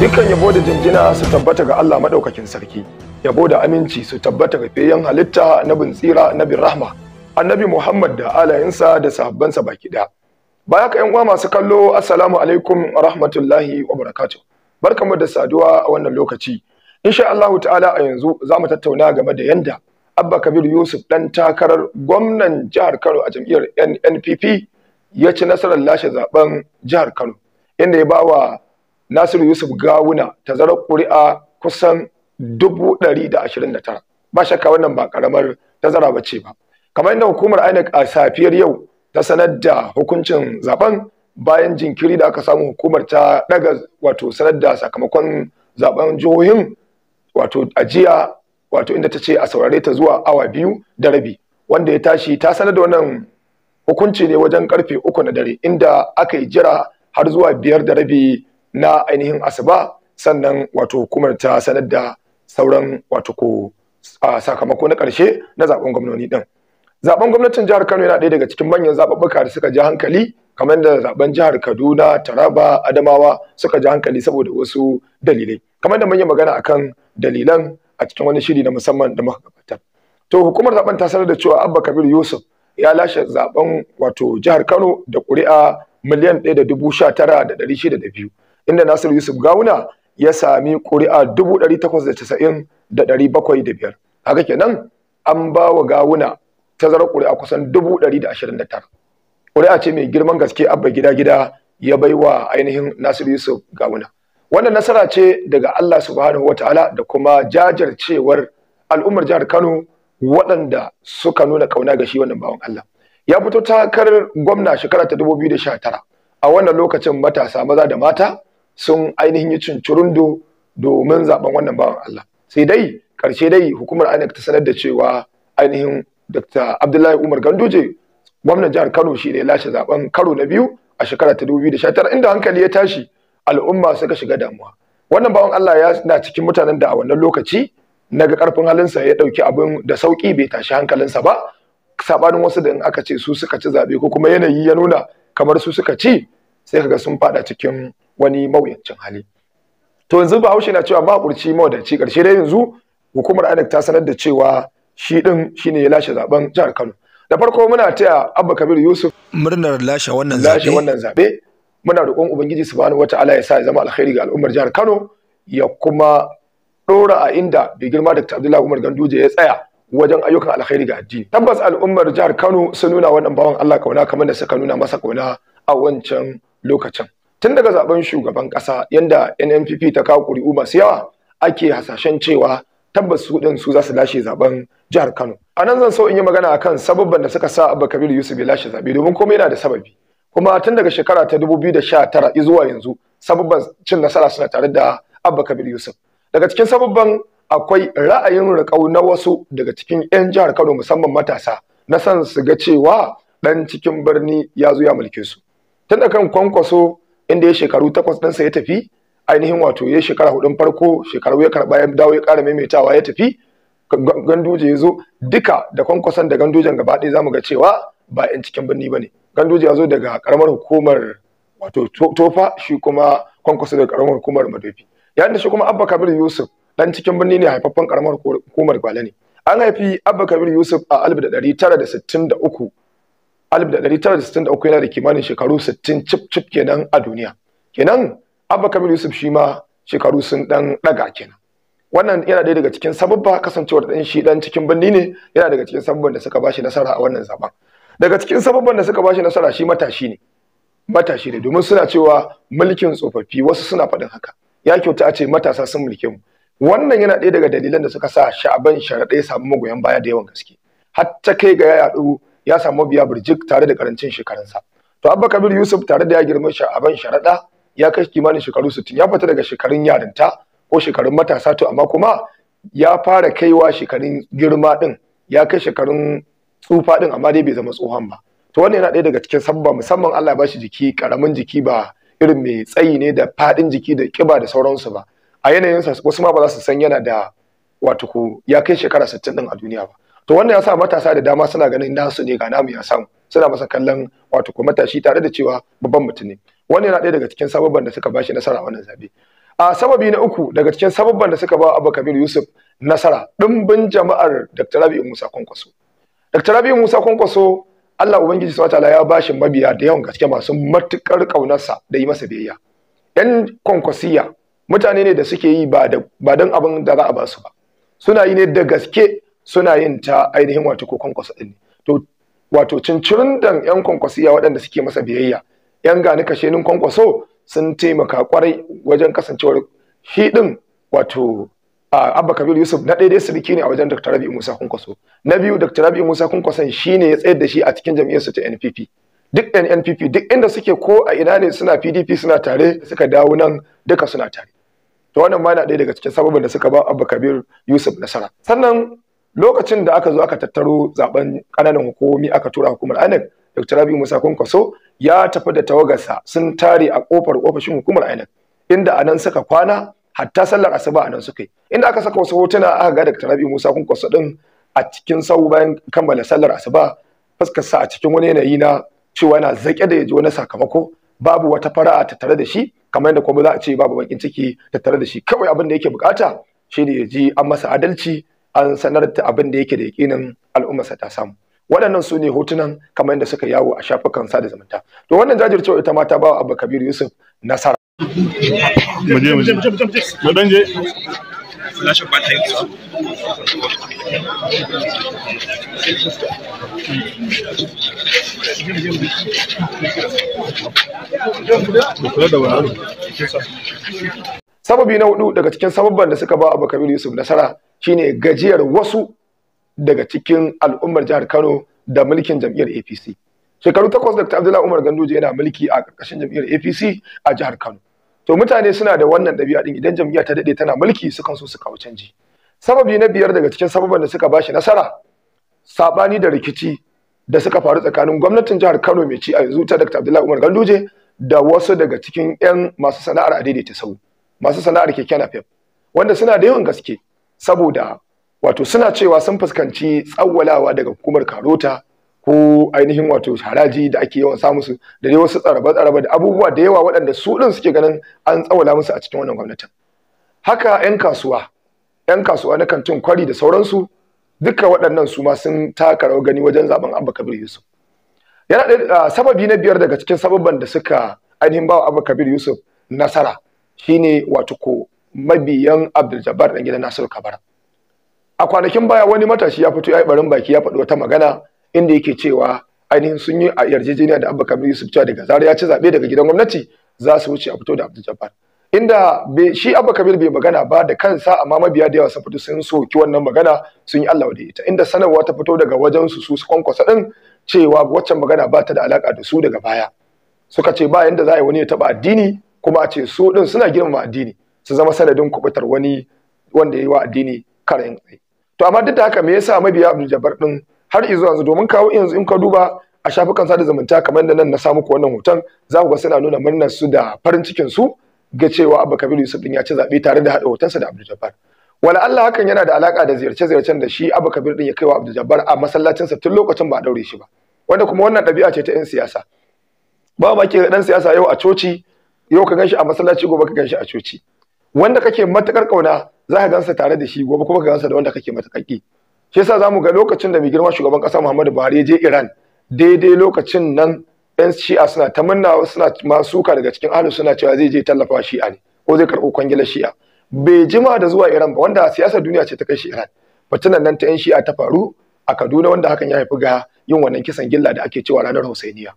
dukkan yabo da jinjina su tabbata ga Allah madaukakin sarki yabo da aminci su tabbata ga fiyayyen halitta na bin tsira na bin rahma annabi Muhammad da alayensa da sahabbansa baki da baya ka yan uwa masu kallo assalamu alaikum rahmatullahi wa barkamu da saduwa a wannan lokaci insha Allah ta'ala a yanzu za mu tattauna game da yanda Abba Kabir Yusuf dan takarar gwamnan jihar Kano a jam'iyyar NNPP ya ci nasarar lashe zaben jihar Kano inda ya ba wa Nasiru Yusuf Gawuna tazarar ƙuri'a kusan da ashirin 129 ba shakka wannan ba karamar tazara bace ba kamar inda hukumar INEC a safiyar yau ta sanar da hukuncin zaben bayan jinkiri da aka samu hukumar ta daga wato sanar da sakamakon zaben jihohin wato ajiya wato inda ta ce a saurare ta zuwa awa biyu da rabi wanda ya tashi ta sanar da wannan hukunci ne wajen karfe uku na dare inda aka yi jira har zuwa biyar da rabi na ainihin asuba sannan wato hukumar ta sanar da sauran wato ko sakamako na karshe na zaben gwamnoni din zaben gwamnatin jihar Kano yana ɗaya daga cikin manyan zababbuka da suka ja hankali kamar da zaben jihar Kaduna, Taraba, Adamawa suka ji hankali saboda wasu dalilai kamar da manyan magana akan dalilan a cikin wani shiri na musamman da muka gabatar to hukumar zaben ta sanar da cewa Abba Kabir Yusuf ya lashe zaben wato jihar Kano da ƙuri'a miliyan ɗaya da dubu sha tara da ɗari shida da biyu inda Nasiru Yusuf Gawuna ya sami ƙuri'a dubu ɗari takwas da casa'in da ɗari bakwai da biyar haka kenan an ba wa Gawuna tazarar ƙuri'a kusan dubu ɗari da ashirin da tara ƙuri'a ce mai girman gaske abba gida gida ya bai wa ainihin Nasiru Yusuf Gawuna wannan nasara ce daga Allah subhanahu Ta'ala da kuma jajircewar al'ummar jihar Kano waɗanda suka nuna ƙauna ga shi wannan bawan Allah ya fito takarar gwamna shekara ta 2019 a wannan lokacin matasa maza da mata sun ainihin yi cincirundo domin zaben wannan bawan Allah sai dai karshe dai hukumar ainihin ta sanar da cewa ainihin Dr. Abdullahi Umar Ganduje gwamnan jihar Kano shi ne lashe zaben karo na biyu a shekara ta 2019 inda hankali ya tashi al'umma suka shiga damuwa wannan bawan Allah ya na cikin mutanen da a wannan lokaci na ga karfin halinsa ya ɗauki abin da sauki bai tashi hankalinsa ba sabanin wasu da in aka ce su suka ci zaɓe ko kuma yanayi ya nuna kamar su suka ci sai kaga sun faɗa cikin wani mawuyacin hali to yanzu bahaushe na cewa makurci mawadaci karshe dai yanzu hukumar INEC ta sanar da cewa shi din shine ya lashe zaben jihar Kano da farko muna taya Abba Kabir Yusuf murnar lashe wannan zabe lashe wannan zabe muna roƙon ubangiji subhanahu wataala ya sa ya zama alkhairi ga al'ummar jihar Kano ya kuma ɗora a inda bai girma Dr. Abdullahi Umar Ganduje ya tsaya wajen ayyukan alkhairi ga addini tabbas al'ummar jihar Kano sun nuna wannan bawan Allah kauna kamar da suka nuna masa kauna a wancan lokacin tun daga zaben shugaban kasa yanda NNPP ta kawo ƙuri'u masu yawa ake hasashen cewa tabbas su din su za su lashe zaben jihar Kano a nan zan so in yi magana akan sababban da suka sa Abba Kabir Yusuf ya lashe zabe domin komai yana da sababi kuma tun daga shekara ta 2019 zuwa yanzu sababban cin nasara suna tare da Abba Kabir Yusuf daga cikin sababban akwai ra'ayin riƙau na wasu daga cikin 'yan jihar Kano musamman matasa na san su ga cewa dan cikin birni ya zo ya mulke su tun da kan kwankwaso inda ya shekaru takwas ɗinsa ya tafi ainihin wato ya shekara hudun farko shekaru ya karɓa ya dawo ya ƙara maimaitawa ya tafi ganduje ya zo duka da kwankwason da gandujen gaba ɗaya mu ga cewa ba yan cikin birni ba ne ganduje ya zo daga ƙaramar hukumar wato tofa shi kuma kwankwaso daga ƙaramar hukumar madofi yayin da shi kuma abba kabir yusuf ɗan cikin birni ne haifaffen ƙaramar hukumar gwale ne an haifi abba kabir yusuf a alif da ɗari tara da sittin da uku Alif 1963 yana da kimanin shekaru 60 cip cip kenan a duniya kenan abba kamil yusuf shi ma shekaru sun dan daga kenan wannan yana ɗaya daga cikin sababba kasancewar dan shi dan cikin birni ne yana daga cikin sababban da suka bashi nasara a wannan zaman. daga cikin sababban da suka bashi nasara shi matashi ne matashi ne domin suna cewa mulkin tsofaffi wasu suna faɗin haka ya kyauta a ce matasa sun mulke mu wannan yana daya daga dalilan da suka sa sha'aban ya samu magoyan baya da yawan gaske Hatta kai ga ya yaɗu ya samu biya birjik tare da karancin shekarunsa to abba kabir yusuf tare da ya girma shi a ban sharaɗa ya kai kimanin shekaru 60 ya fita daga shekarun yarinta ko shekarun matasa to amma kuma ya fara kaiwa shekarun girma din ya kai shekarun tsufa din amma dai bai zama tsohon ba to wannan yana ɗaya daga cikin sabba musamman Allah ya bashi jiki karamin jiki ba irin mai tsayi ne da fadin jiki da kiba da sauransu ba a yanayinsa wasu ma ba za su san yana da wato ko ya kai shekara 60 din a duniya ba to wannan ya sa matasa da dama suna ganin nasu ne ga namu ya samu suna masa kallon wato ko matashi tare da cewa babban mutum ne wannan yana ɗaya daga cikin sababban da suka bashi nasara wannan zabe a sababi na uku daga cikin sababban da suka ba Abu Kabir Yusuf nasara dimbin jama'ar Dr. Rabi'u Musa Kwankwaso Dr. Rabi'u Musa Kwankwaso Allah Ubangiji Subhanahu ya bashi mabiya da yawan gaske masu matukar kaunarsa da yi masa biyayya yan kwankwasiya mutane ne da suke yi ba don abin da za a ba su ba suna yi ne da gaske suna yin ta ainihin wato ko kwankwasa din to wato cincirin dan yan kwankwasiya waɗanda suke masa biyayya yan gani kashenin kwankwaso sun taimaka kwarai wajen kasancewar shi din wato Abba Kabir Yusuf na ɗaya dai su ne a wajen Dr. Rabi Musa Kwankwaso na biyu Dr. Rabi Musa Kwankwason shine ya tsayar da shi a cikin jam'iyyarsa ta NPP duk yan NPP duk inda suke ko a ina ne suna PDP suna tare suka dawo nan duka suna tare to wannan ma na ɗaya daga cikin sababin da suka ba Abba Kabir Yusuf nasara sannan lokacin da aka zo aka tattaro zaben kananan hukumomi aka tura hukumar INEC Dr. Rabi Musa Kwankwaso ya tafi da tawagarsa sun tare a kofar ofishin hukumar INEC inda anan suka kwana hatta sallar asuba anan suka yi inda aka saka wasu hotuna aka ga Dr. Rabi Musa Kwankwaso din a cikin sau bayan kammala sallar asuba sa a cikin wani yanayi na cewa yana zake da ya ji wani sakamako babu wata fara'a tattare da shi kamar yadda kuma za a ce babu bakin ciki tattare da shi kawai abin da yake bukata shine ya ji an masa adalci an sanar da abin da yake da yakinin al'ummarsa ta samu waɗannan su ne hotunan kamar yadda suka yawo a shafukan sada zumunta to wannan jajircewa ita ma ta ba Abba Kabir Yusuf nasara Sababi na hudu daga cikin sababban da suka ba Abba Kabir Yusuf nasara shine gajiyar wasu daga cikin al'ummar jihar Kano da mulkin jam'iyyar APC shekaru takwas Dr. Abdullahi Umar Ganduje yana mulki a ƙarƙashin jam'iyyar APC a jihar Kano to mutane suna da wannan ɗabi'a din idan jam'iyya ta dade tana mulki sukan so su kawo canji sababi na biyar daga cikin sababan da suka bashi nasara sabani da rikici da suka faru tsakanin gwamnatin jihar Kano mai ci a yanzu ta Dr. Abdullahi Umar Ganduje da wasu daga cikin 'yan masu sana'ar a daidaita sau masu sana'ar keke napep wanda suna da yawan gaske saboda wato suna cewa sun fuskanci tsawwalawa daga hukumar karota ko ainihin wato haraji da ake yawan samu su da dai wasu tsaraba tsaraba da abubuwa da yawa waɗanda su din suke ganin an tsawala musu a cikin wannan gwamnatin haka 'yan kasuwa 'yan kasuwa na kantin kwari da sauransu duka waɗannan su ma sun taka rawar gani wajen zaben Abba Kabir Yusuf yana da sababi na biyar daga cikin sababban da suka ainihin bawa Abba Kabir Yusuf nasara shine wato ko mabiyan Abdul Jabbar dan gidan Nasiru Kabara a kwanakin baya wani matashi ya fito ya yi barin baki ya faɗi wata magana inda yake cewa ainihin sun yi a yarjejeniya da Abubakar Kabir Yusuf cewa daga zara ya ci zaɓe daga gidan gwamnati za su wuce a fito da Abdul Jabbar inda shi Abba Kabir bai magana ba da kansa amma mabiya da yawa sun fito sun soki wannan magana sun yi Allah da ita inda sanarwa ta fito daga wajen su su kwankwasa din cewa waccan magana ba ta da alaka da su daga baya suka ce ba yanda za a yi wani ya taɓa addini kuma a ce su din suna girmama addini su zama sanadin kubutar wani wanda yayi wa addini karayin tsaye to amma duk da haka me yasa mabiya Abdul Jabbar din har izo yanzu domin kawo yanzu in ka duba a shafukan sada zumunta kamar da nan na samu ku wannan hoton za ku ga suna nuna murnar su da farin cikin su ga cewa Abba Kabiru Yusuf din ya ci zabe tare da hada hotonsa da Abdul Jabbar wala Allah hakan yana da alaka da ziyarce-ziyarcen da shi Abba Kabir din ya kaiwa Abdul Jabbar a masallacinsa tun lokacin ba a daure shi ba wanda kuma wannan ɗabi'a ce ta 'yan siyasa ba ba ke ɗan siyasa yau a coci yau ka ganshi a masallaci gobe ka ganshi a coci wanda kake matakar kauna za ka gansa tare da shi gobe kuma ka gansa da wanda kake matakar ki shi yasa zamu ga lokacin da mai girma shugaban kasa Muhammadu Buhari ya je Iran daidai lokacin nan yan shi'a suna ta manna suna masu suka daga cikin ahlus suna cewa zai je tallafa shi'a ne ko zai karɓo kwangilar shi'a bai jima da zuwa Iran ba wanda siyasar duniya ce ta kai shi Iran fitinan nan ta yan shi'a ta faru a Kaduna wanda hakan ya haifi ga yin wannan kisan gilla da ake cewa ranar Husainiya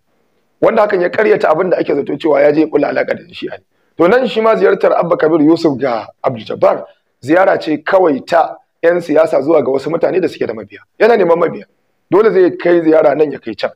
wanda hakan ya karyata abin da ake zato cewa ya je kula alaƙa da shi'a ne to nan shi ma ziyartar abba kabir yusuf ga abdul jabbar ziyara ce kawai ta yan siyasa zuwa ga wasu mutane da suke da mabiya yana neman mabiya dole zai kai ziyara nan ya kai can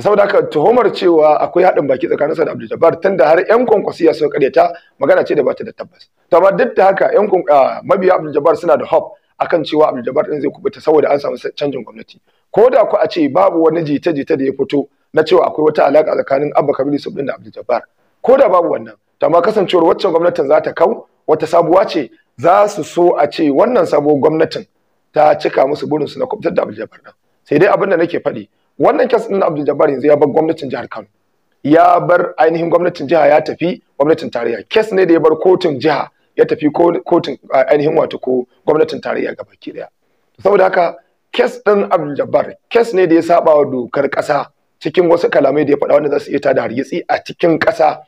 saboda haka tuhumar cewa akwai haɗin baki tsakaninsa da Abdul Jabbar tunda har ƴan kwankwasiya sun karyata magana ce da ba da tabbas to amma duk da haka ƴan ah, mabiya Abdul Jabbar suna da hope akan cewa Abdul Jabbar din zai kubuta saboda an samu canjin gwamnati ko da ku a ce babu wani jita-jita da ya fito na cewa akwai wata alaka tsakanin Abba Kabir Yusuf da Abdul Jabbar ko da babu wannan ma kasancewar waccan gwamnatin za ta kau wata sabuwa ce za su so a ce wannan sabuwar gwamnatin ta cika musu burinsu na kwamfutar da Abdul nan sai dai abinda da nake faɗi wannan kes ɗin Abdul Jabbar yanzu ya bar gwamnatin jihar Kano ya bar ainihin gwamnatin jiha ya tafi gwamnatin tarayya kes ne da ya bar kotun jiha ya tafi kotun ainihin wato ko gwamnatin tarayya gaba ki daya saboda haka kes ɗin Abdul Jabbar kes ne da ya saba wa dokar ƙasa cikin wasu kalamai da ya faɗa wanda za su iya tada hargitsi a cikin ƙasa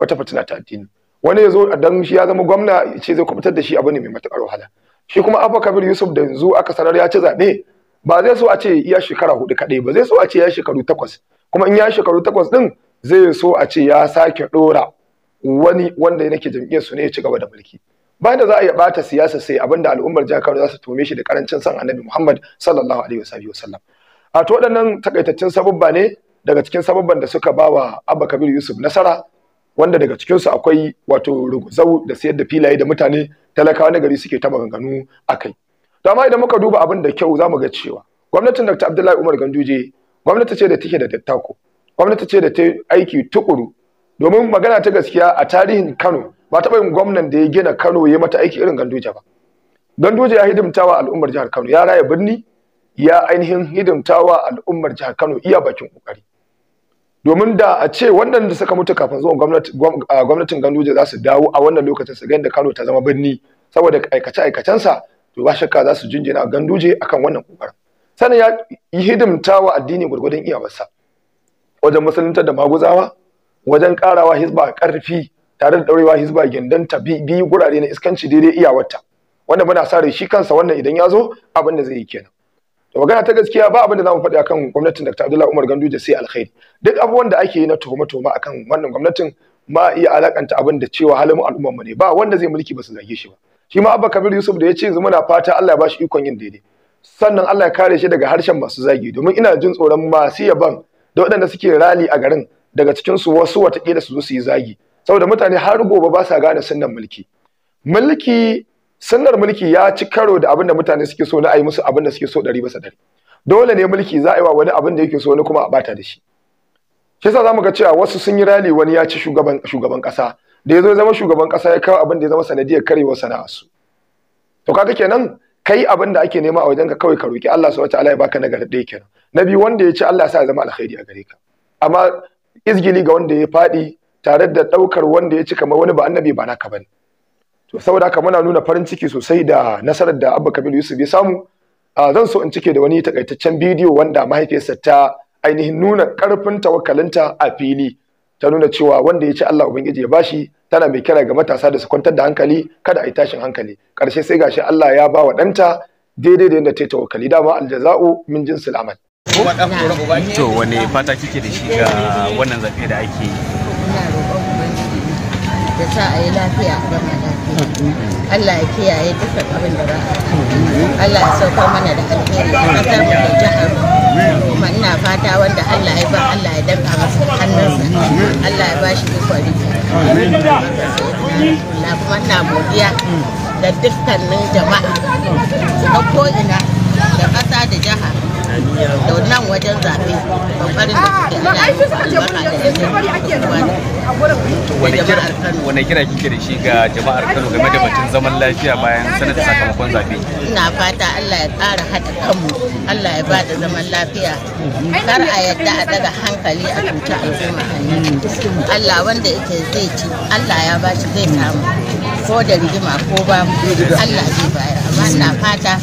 wata fitina ta addini wani ya zo dan shi ya zama gwamna ce zai kubutar da shi abu ne mai matukar wahala shi kuma Abba Kabir Yusuf da yanzu aka sanar ya ci zabe ba zai so a ce ya shekara hudu kaɗai ba zai so a ce ya shekaru takwas kuma in ya shekaru takwas din, zai so a ce ya sake dora wani wanda nake jam'iyyar su ne ya ci gaba da mulki ba da za a yi bata siyasa sai abinda al'ummar jihar Kano za su tome shi da karancin san Annabi Muhammad sallallahu alaihi wasallam a to waɗannan takaitaccen sababba ne daga cikin sababban da suka bawa Abba Kabir Yusuf nasara wanda daga cikinsu akwai wato ruguzau da sayar da filaye da mutane talakawa na gari suke ta maganganu a kai. To amma idan muka duba abin da kyau za mu ga cewa gwamnatin Dr. Abdullahi Umar Ganduje gwamnati ce da take da dattako, gwamnati ce da ta aiki tukuru domin magana ta gaskiya a tarihin Kano ba taɓa yin gwamnan da ya gina Kano ya mata aiki irin Ganduje ba. Ganduje ya hidimtawa al'ummar jihar Kano, ya raya birni, ya ainihin hidimtawa al'ummar jihar Kano iya bakin kokari. domin da a ce wannan da suka mutu kafin zuwan gwamnatin Ganduje za su dawo a wannan lokacin su ga yadda Kano ta zama birni saboda aikace aikacensa to ba shakka za su jinjina Ganduje akan wannan kokarin sannan ya hidimta wa addini gurgurdan iyawarsa wajen musulunta da maguzawa wajen karawa hizba karfi tare da daurewa hizba gindanta biyu gurare na iskanci daidai iyawarta wanda muna sa shi kansa wannan idan ya zo abin da zai yi kenan da magana ta gaskiya ba abin da zamu faɗi akan gwamnatin Dr. Abdullahi Umar Ganduje sai alkhairi duk abubuwan da ake yi na tuhuma-tuhuma akan wannan gwamnatin ma iya alakanta abin da cewa halin al'ummar mu ne ba wanda zai mulki ba su zage shi ba shi ma Abba Kabir Yusuf da ya ce yanzu muna fata Allah ya shi ikon yin daidai sannan Allah ya kare shi daga harshen masu zagi domin ina jin tsoron masu yaban da waɗanda suke rali a garin daga cikin su wasu watakila su zo su yi zagi saboda mutane har gobe ba sa gane sunan mulki mulki Sannar mulki ya ci karo da abin da mutane suke so na ayi musu abin da suke so ɗari bisa ɗari dole ne mulki za a yi wa wani abin da yake so wani kuma a bata da shi shi yasa zamu ga cewa wasu sun yi rali wani ya ci shugaban shugaban ƙasa da ya zo zama shugaban ƙasa ya kawo abin da ya zama sanadiyar karewar su. to kaga kenan kai abinda da ake nema a wajenka kawai ka roki Allah subhanahu wataala ya baka nagari da kenan na biyu wanda ya ci Allah ya sa ya zama alkhairi a gare ka amma izgili ga wanda ya faɗi tare da ɗaukar wanda ya ci kamar wani ba annabi ba naka bane to saboda haka muna nuna farin ciki sosai da nasarar da Abba Kabir Yusuf ya samu zan so in cike da wani takaitaccen bidiyo wanda mahaifiyarsa ta ainihin nuna karfin tawakkalinta a fili ta nuna cewa wanda ya ci Allah ubangiji ya bashi tana mai kira ga matasa da su kwantar da hankali kada a yi tashin hankali karshe sai gashi Allah ya ba wa ɗanta daidai da yadda ta yi tawakkali dama aljaza'u min jinsul amal to wani fata kike da shi ga wannan zafi da ake yi ya sa a yi lafiya a gama lafiya Allah ya kiyaye dukkan abin da ba Allah ya sauka mana da alheri a kasar mu da jihar kuma ina fata wanda Allah ya ba Allah ya danka masa hannunsa Allah ya ba shi ikon na kuma ina godiya da dukkanin jama'a da ko'ina da ƙasa da jiha da wannan wajen zaɓe babbarin da suke ah, wane kira kike da shi ga jama'ar kano game da batun zaman lafiya bayan sanata sakamakon zaɓe ina fata allah ya ƙara haɗa kanmu allah ya bada zaman lafiya kar a yadda a daga hankali a cuta al'umma allah wanda yake zai ci allah ya bashi zai samu ko da rigima ko babu allah zai bayar amma ina fata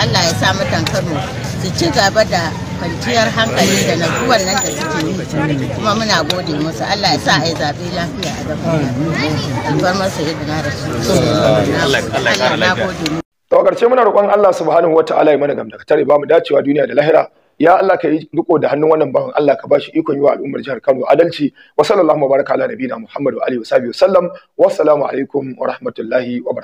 allah ya sa mutan kano su ci gaba da kwanciyar hankali da natsuwar nan da suke yi kuma muna gode musu Allah ya sa a yi zaɓe lafiya a gaban alfarmar masa yadda na rasu Allah na gode mu muna roƙon Allah subhanahu wataala ya mana ta ya mu dacewa duniya da lahira ya Allah ka yi riko da hannun wannan bawan Allah ka bashi ikon yi wa al'ummar jihar Kano adalci wa sallallahu baraka ala nabiyina Muhammad wa alihi wa sahbihi wa sallam wassalamu alaikum wa rahmatullahi wa barakatuh